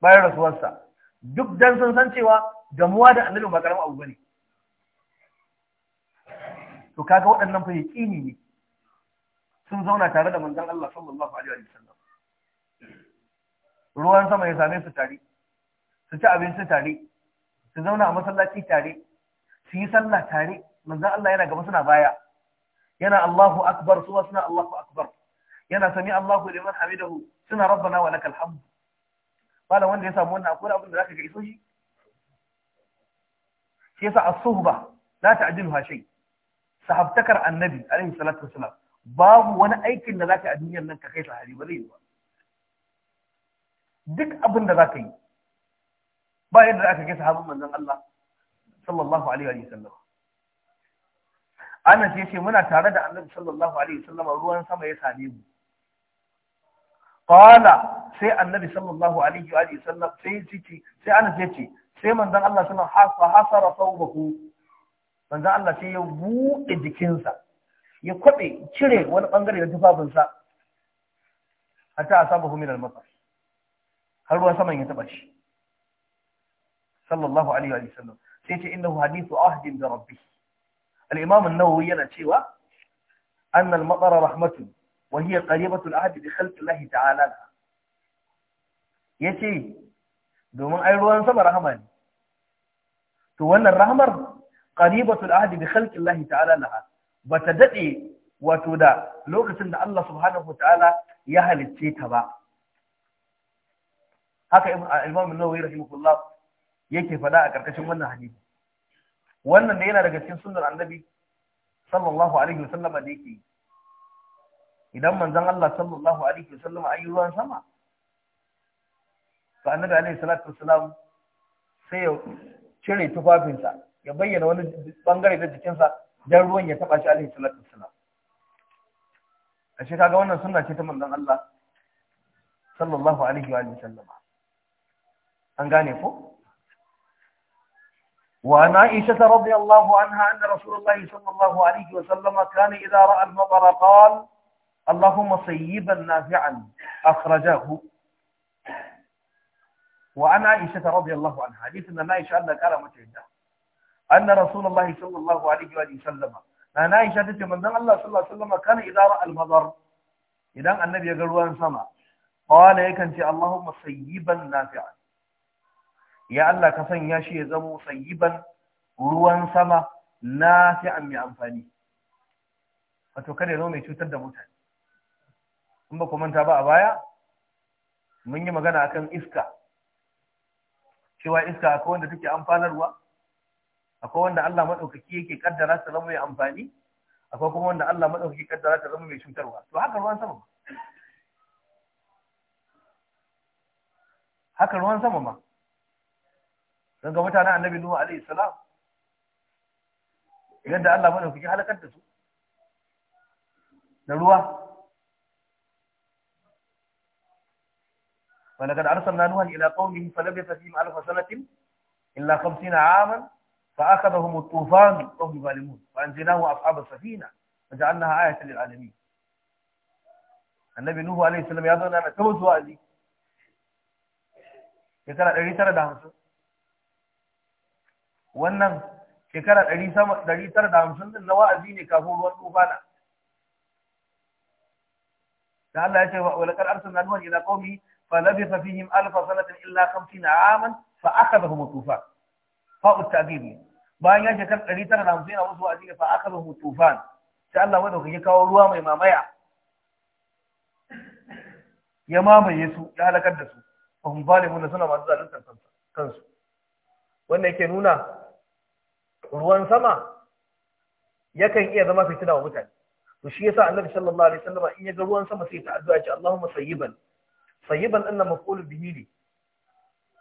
bayan rasuwarsa duk dan sun san cewa damuwa da annabi ba karamin abu bane to kaga waɗannan fa yaqini ne sun zauna tare da manzan Allah sallallahu alaihi wasallam ruwan sama ya same su tare su ci abinci tare su zauna a masallaci tare su yi sallah tare Manzan Allah yana gaba suna baya yana Allahu akbar su suna Allahu akbar yana sami Allahu liman hamidahu suna rabbana wa lakal hamd bala wanda ya samu wannan akwai abin da zaka ga iso shi shi yasa as-suhba la ta'diluha shay sahabtakar annabi alaihi salatu wasalam babu wani aikin da zaka yi a duniyar nan ka kai sahari ba zai yi ba duk abin da zaka yi ba yadda zaka kai sahabin manzon Allah sallallahu alaihi wa sallam Anas ce muna tare da Annabi sallallahu alaihi wa sallam ruwan sama ya same mu qala sai Annabi sallallahu alaihi wa sallam sai ce sai Anas ya ce sai manzon Allah sallallahu alaihi wa sallam hasara thawbahu manzon Allah sai ya buɗe jikinsa ya kwaɓe cire wani ɓangare da tufafinsa hatta a samu huminar matsar har ruwan saman ya taɓa shi sallallahu alaihi wa sallam sai ce innahu hadithu ahdin da rabbi al-imam an-nawawi yana cewa anna al-matara rahmatun wa hiya qaribatu al-ahd bi khalqi Allah ta'ala yace domin ai ruwan sama rahama ne to wannan rahmar qaribatu al-ahd bi khalqi Allah ta'ala laha bata daɗe wato da lokacin da Allah subhanahu wa ta'ala ya halicce ta ba haka imam an-nawawi rahimahullah yake faɗa a ƙarƙashin wannan hadisi wannan da yana daga cikin sunan annabi sallallahu alaihi wasallama da yake idan manzan Allah sallallahu alaihi wasallama yi ruwan sama Ba annabi alaihi salatu wasalam sai ya cire tufafinsa ya bayyana wani bangare da jikinsa dan ruwan ya taba shi alaihi salatu wassalam ashe kaga wannan sunna ce ta manzon Allah sallallahu alaihi wa sallam an gane ko وعن عائشة رضي الله عنها أن رسول الله صلى الله عليه وسلم كان إذا رأى المطر قال اللهم صيبا نافعا أخرجاه وعن عائشة رضي الله عنها حديث أن عائشة أن كرمت عنده anna rasulullahi sallallahu alaihi wa sallama na na aisha tace manzon Allah sallallahu alaihi wa sallama kana idza ra'a al-madar idan annabi ya ga ruwan sama qala yakan ce allahumma sayyiban nafi'an ya Allah ka sanya shi ya zamo sayyiban ruwan sama nafi'an mai amfani wato kada ya zama mai cutar da mutane in ba ku manta ba a baya mun yi magana akan iska cewa iska akwai wanda take amfanarwa akwai wanda Allah maɗaukaki yake kaddara ta zama mai amfani akwai kuma wanda Allah maɗaukaki kaddara ta zama mai cutarwa to haka ruwan sama haka ruwan sama ma don ga mutanen annabi Nuhu alaihi salam yadda Allah maɗaukaki halakar da su na ruwa ولقد أرسلنا نوحا إلى قومه فلبث فيهم ألف سنة إلا خمسين عاما فأخذهم الطوفان وهم ظالمون وانزلناه أصحاب السفينة فجعلناها آية للعالمين النبي نوح عليه السلام يظن أن تموت وأزي كيكرا الأري ترى دامس وأنم كيكرا الأري سما الأري ترى دامس النوا أزيني كفور والطوفان قال الله يتوى ولقد أرسلنا نوح إلى قومه فلبث فيهم ألف سنة إلا خمسين عاما فأخذهم الطوفان fa'u ta'bir ne bayan ya shekar 950 a wasu wa'azi fa akabahu tufan sai Allah madaukaki kawo ruwa mai mamaya ya mamaye su ya halakar da su fa hum zalimuna suna masu zaluntar kansu wannan yake nuna ruwan sama yakan iya zama fitina wa mutane to shi yasa annabi sallallahu alaihi wasallam in ya ga ruwan sama sai ta addu'a ce Allahumma sayyiban sayyiban annama qulu bihi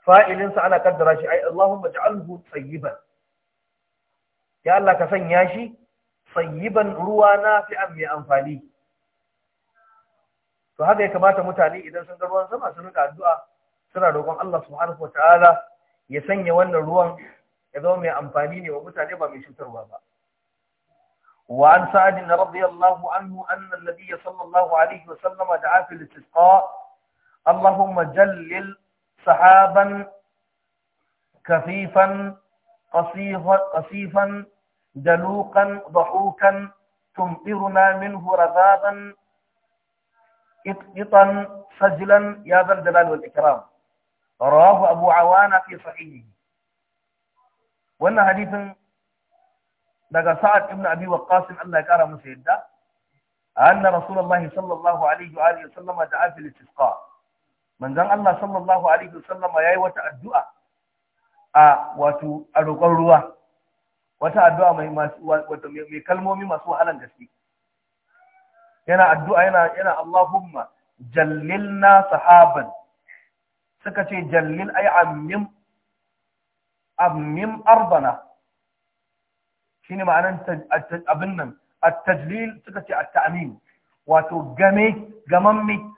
fa'ilinsa ana kaddara shi ai Allahumma ja'alhu tayyiban ya Allah ka sanya shi tayyiban ruwa nafi'an mai amfani to haka ya kamata mutane idan sun ga ruwan sama su rika addu'a suna roƙon Allah subhanahu wataala ya sanya wannan ruwan ya zama mai amfani ne wa mutane ba mai cutarwa ba وعن سعد رضي الله عنه أن النبي صلى الله عليه وسلم دعا في الاستسقاء اللهم جلل صحابا كثيفا قصيفا دلوقا ضحوكا تمطرنا منه رذابا اطئطا سجلا يا ذا الجلال والإكرام رواه أبو عوان في صحيحه وأن حديث لقى سعد بن أبي وقاص لا كان سيدنا أن رسول الله صلى الله عليه وآله وسلم دعا في الاستسقاء manzon Allah sallallahu alaihi wasallama yi wata addu'a a wato a roƙon ruwa wata addu'a mai mai kalmomi masu wahalan gaske yana addu'a yana yana Allahumma na sahaban suka ce jallil ay ammim ammim ardana shine ma'anan abin nan at-tajlil suka ce a ta'amin. wato game gamamme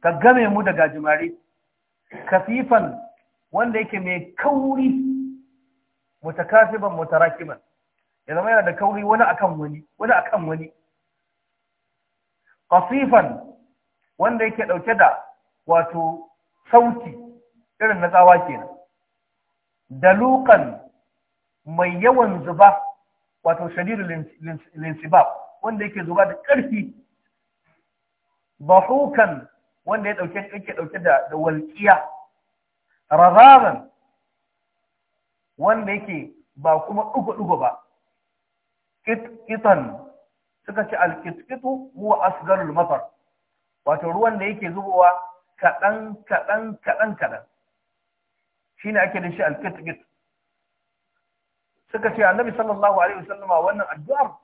ka game mu da gajimare kafifan wanda yake mai kauri mutakasiban mutarakiman ya zama yana da kauri wani akan wani wani akan wani Kafifan wanda yake ɗauke da wato sauti irin na tsawa kenan Dalukan mai yawan zuba wato shadidul linsibab wanda yake zuba da karfi bahukan wanda ya dauke yake dauke da da walqiya razaban wanda yake ba kuma dugo dugo ba kitqitan suka ce alkitqitu huwa asgarul matar wato ruwan da yake zubowa kadan kadan kadan kadan shine ake da shi alkitqit suka ce annabi sallallahu alaihi wasallama wannan addu'ar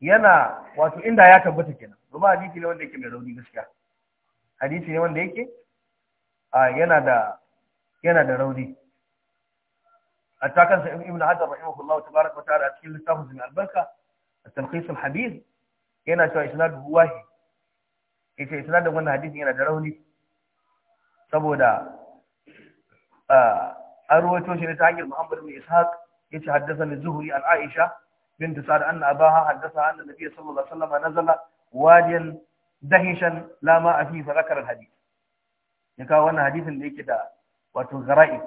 yana wato inda ya tabbata kenan kuma hadisi ne wanda yake mai rauni gaskiya hadisi ne wanda yake a yana da yana da rauni hatta kansa ibn hajar rahimahullahu tabaraka wa ta'ala a cikin littafin sun albarka a talqis al-hadith yana cewa isnaduhu wahid yace isnadin wannan hadisin yana da rauni saboda a ruwaito shi ne ta hanyar Muhammad bin Ishaq yace haddathani Zuhri an Aisha bint Sa'd anna abaha haddatha anna Nabiy sallallahu alaihi wasallam nazala wadiyan dahishan lama a fi zarakar hadith ya kawo wannan hadisin da yake da wato zara'i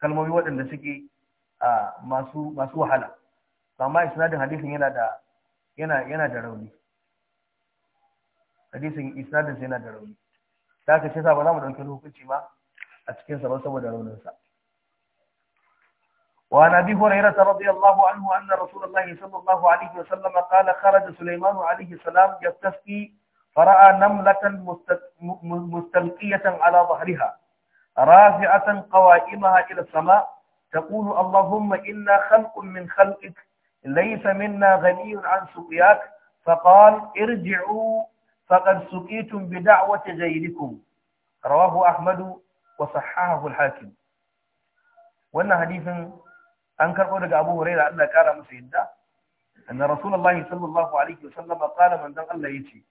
kalmomi waɗanda suke masu masu wahala amma isnadin hadisin yana da yana da rauni hadisin isnadin sa yana da rauni ta ka shi sa ba za mu ɗauki hukunci ba a cikin sa saboda rauninsa sa وعن أبي هريرة رضي الله عنه ان رسول الله صلى الله عليه وسلم قال خرج سليمان عليه السلام يستسقي فرأى نملة مستلقية على ظهرها رافعة قوائمها إلى السماء تقول اللهم إنا خلق من خلقك ليس منا غني عن سقياك فقال ارجعوا فقد سقيتم بدعوة غيركم رواه أحمد وصححه الحاكم وأن حديث أنكر قولك أبو هريرة أن كان مسيدا أن رسول الله صلى الله عليه وسلم قال من دعا الله يتي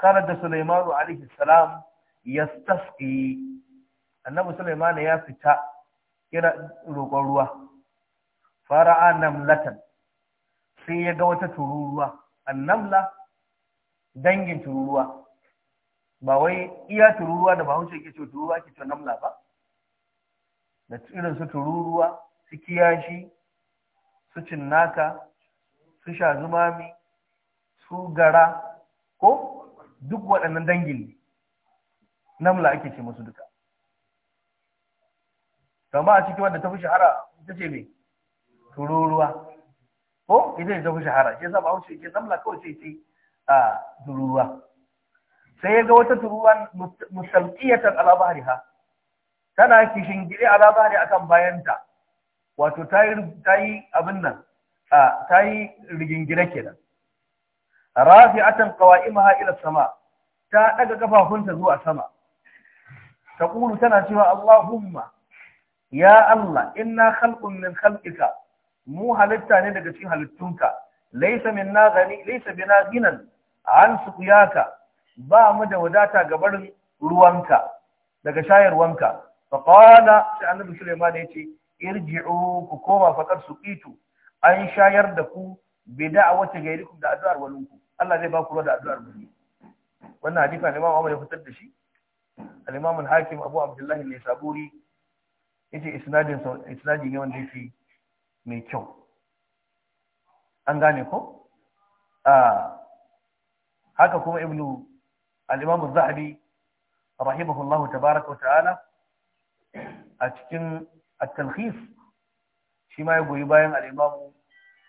kharaja Sulaiman alaihi salam yastasqi annabi Suleiman ya fita yana roƙon ruwa fara'a namlatan sai ya ga wata tururuwa annamla dangin tururuwa ba wai iya tururuwa da bahaushe ke ce tururuwa ke ce namla ba da irin su tururuwa su kiyashi su cinnaka su zumami, su gara ko duk waɗannan dangin namla ake ce masu duka kama a cikin wanda ta fi shahara ita ce mai tururuwa ko ita ta fi shahara ke yasa ba wuce ke namla kawai ce ce a tururuwa sai ya ga wata tururuwa musalqiyatar al'abari ha? tana kishin gire al'abari akan bayanta wato ta yi abin nan ta yi rigingire kenan rafi'atan qawa'imaha ila sama ta daga kafafunta zuwa sama taqulu tana cewa Allahumma ya Allah inna khalqun min khalqika mu halitta ne daga cikin halittunka laysa minna ghani laysa bina ginan an suqyaka ba mu da wadata ga barin ruwanka daga shayarwanka fa qala sai annabi Sulaiman yace irji'u ku koma faqad suqitu an shayar da ku bi da'awati gairikum da azar walunku Allah zai ba ku da addu'ar mu wannan hadisi ne Imam ya fitar da shi al-Imam al-Hakim Abu Abdullah al-Nisaburi yace isnadin isnadi ne wanda yake mai kyau an gane ko ah haka kuma Ibn al-Imam az-Zahabi rahimahullahu tabaaraka wa ta'ala a cikin at-talkhis shi ma ya goyi bayan al-Imam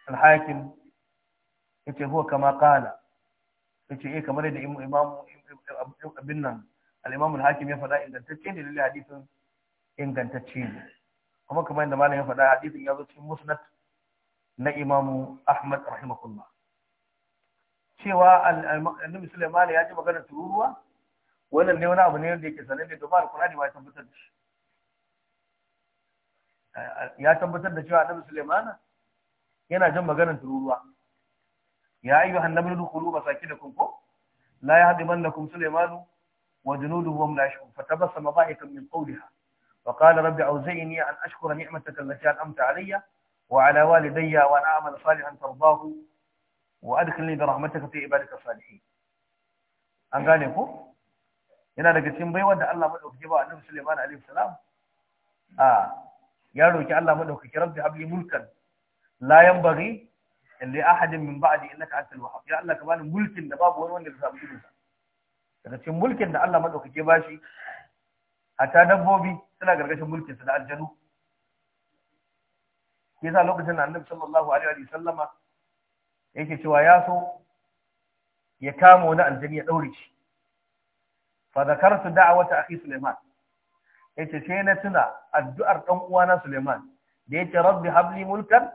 al-Hakim yace huwa kama kala yace eh kamar da imamu abin nan al'imamun hakim ya faɗa ingantacce ne lalle hadisin ingantacce ne kuma kamar yadda malam ya faɗa hadisin ya zo cikin musnad na imamu ahmad rahimahullah cewa annabi sulaiman ya ji magana tururuwa wannan ne wani abu ne wanda yake sanar da domin alkurani ma ya tabbatar da shi ya tabbatar da cewa annabi sulaiman yana jin maganar tururuwa ya ayyu annabi dukhulu masakinakum ko la yahdimannakum sulaymanu wa junuduhu hum la yashkurun fatabassama dhahikan min qawliha wa qala rabbi awzi'ni an ashkura ni'mataka allati an'amta alayya wa ala walidayya wa an a'mala salihan tardahu wa adkhilni bi rahmatika fi ibadika salihin an gane ko yana daga cikin baiwa da Allah madaukaki ba annabi Sulaiman alaihi salam a ya roki Allah madaukaki rabbi habli mulkan la yanbaghi li ahadin min ba'di innaka antal wahhab ya Allah ka bani mulkin da babu wani wanda ya samu irin sa daga cikin mulkin da Allah madaukake bashi hatta dabbobi suna gargashin mulkin sa da aljanu sa lokacin da Annabi sallallahu alaihi wa sallama yake cewa ya so ya kama wani aljani ya daure shi fa zakartu da'wata akhi Sulaiman yace sai na tuna addu'ar dan uwana Sulaiman da yace rabbi habli mulkan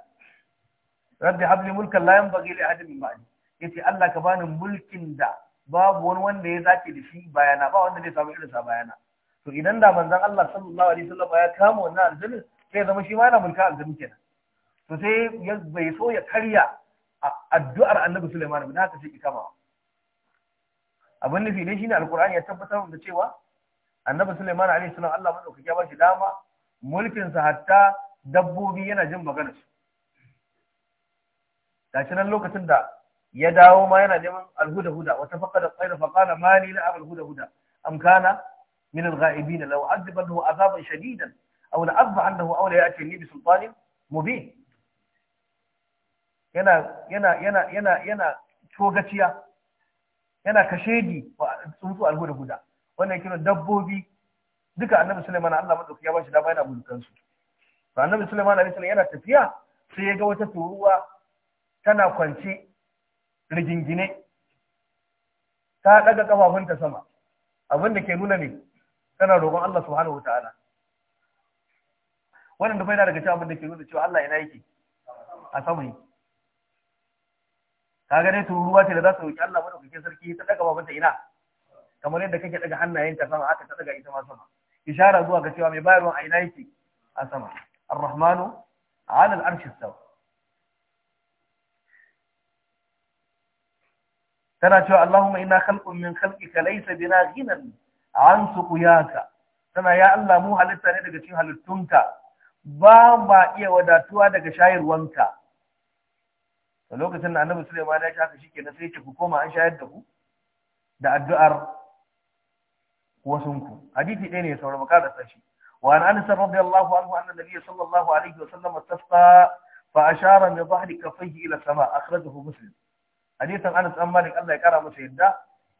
rabbi habli mulkan la yanbaghi li ahadin min ba'di yace Allah ka bani mulkin da babu wani wanda ya zace da shi bayana ba wanda zai samu irinsa bayana to idan da manzon Allah sallallahu alaihi wasallam ya kama wannan aljini sai zama shi ma yana mulka aljini kenan to sai ya bai so ya karya addu'ar Annabi Sulaiman ba haka sai kama abin nufi ne shine alqur'ani ya tabbatar da cewa Annabi Sulaiman alaihi salam Allah madaukaki ya ba shi dama mulkin sa hatta dabbobi yana jin maganar su gashi nan lokacin da ya dawo ma yana neman alhuda huda wata faqada qayra fa qala ma li la al huda huda am kana min al ghaibin law azabahu azaban shadidan aw la azba annahu aw la ya'ti li bi sultanin yana yana yana yana yana togaciya yana kashedi wa tsuntsu alhuda huda wannan kiran dabbobi duka annabi Sulaiman Allah madauki ya bashi dama yana mulkan su to annabi Sulaiman alaihi salam yana tafiya sai ya ga wata turuwa tana kwance rigingine ta daga kafafunta sama abin da ke nuna ne tana roƙon Allah subhanahu wa ta'ala wannan da bai na daga cewa abin da ke nuna cewa Allah yana yake a sama ne ka ga to ruwa ce da za ta roƙi Allah ke sarki ta daga kafafunta ina kamar yadda kake daga hannayen ta sama aka ta daga ita ma sama ishara zuwa ga cewa mai bayarwa a ina yake a sama ar-rahmanu ala al-arshi istawa tana cewa Allahumma ina khalqun min khalqika laysa bina ghinan an suqiyaka tana ya Allah mu halitta ne daga cikin halittunka ba ma iya wadatuwa daga shayarwanka a lokacin da Annabi Sulaiman ya shaka shike na sai ya ku koma an shayar da ku da addu'ar wasunku hadisi ɗaya ne ya maka da sashi wa an anas radiyallahu anhu anna nabiy sallallahu alaihi wa sallam tasqa fa ashara bi dhahri kaffayhi ila sama akhrajahu muslim hadisin Anas an Malik Allah ya kara masa yadda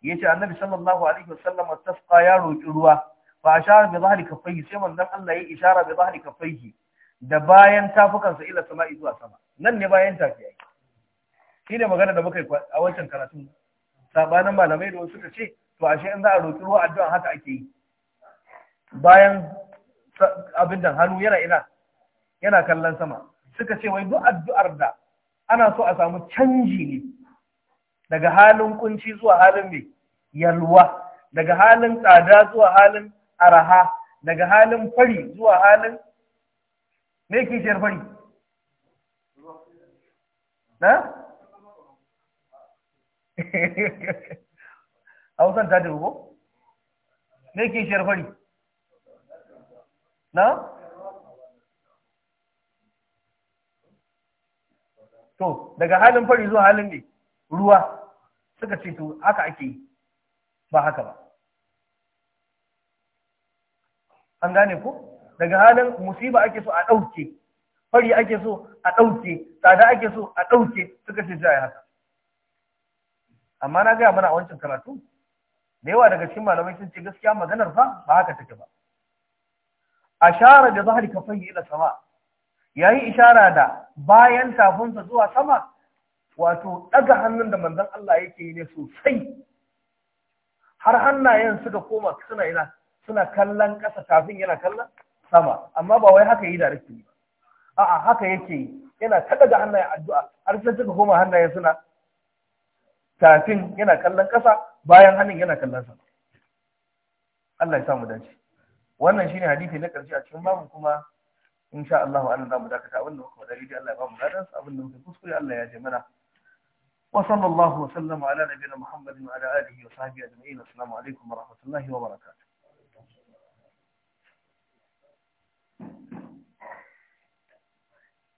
yace annabi sallallahu alaihi wasallam tasqa ya roki ruwa fa ashara bi zahri kaffayhi sai manzon Allah ya ishara bi zahri kaffayhi da bayan tafukansa ila sama'i zuwa sama nan ne bayan tafiya shi ne magana da muka yi a wancan karatu. sabanin malamai da suka ce to ashe in za a roki ruwa addu'a haka ake yi bayan abin da hannu yana ina yana kallon sama suka ce wai duk addu'ar da ana so a samu canji ne daga halin kunci zuwa halin mai yalwa daga halin tsada zuwa halin araha daga halin fari zuwa halin me kishiyar fari na? hausan ta dubu me kishiyar fari na? to daga halin fari zuwa halin mai ruwa suka ce to haka ake ba haka ba an gane ku daga halin musiba ake so a ɗauke fari ake so a ɗauke tsada ake so a ɗauke suka ce za haka amma na gaya mana a wancan karatu da yawa daga cikin malamai sun ce gaskiya maganar fa ba haka take ba A shara da zahari kafai ila sama yayi ishara da bayan tafunsa zuwa sama wato ɗaga hannun da manzon Allah yake yi ne sosai har hannayen suka koma suna ina suna kallon ƙasa kafin yana kallon sama amma ba wai haka yi da rikin ba a'a haka yake yi yana ta daga hannayen addu'a har sai suka koma hannayen suna kafin yana kallon ƙasa bayan hannun yana kallon sama Allah ya samu dace wannan shine hadisi na ƙarshe a cikin babu kuma insha Allah wa'annan za mu dakata abin da muka faɗa Allah ya ba mu gadansa abin da muka kuskure Allah ya je mana وصلى الله وسلم على نبينا محمد وعلى آله وصحبه أجمعين السلام عليكم ورحمة الله وبركاته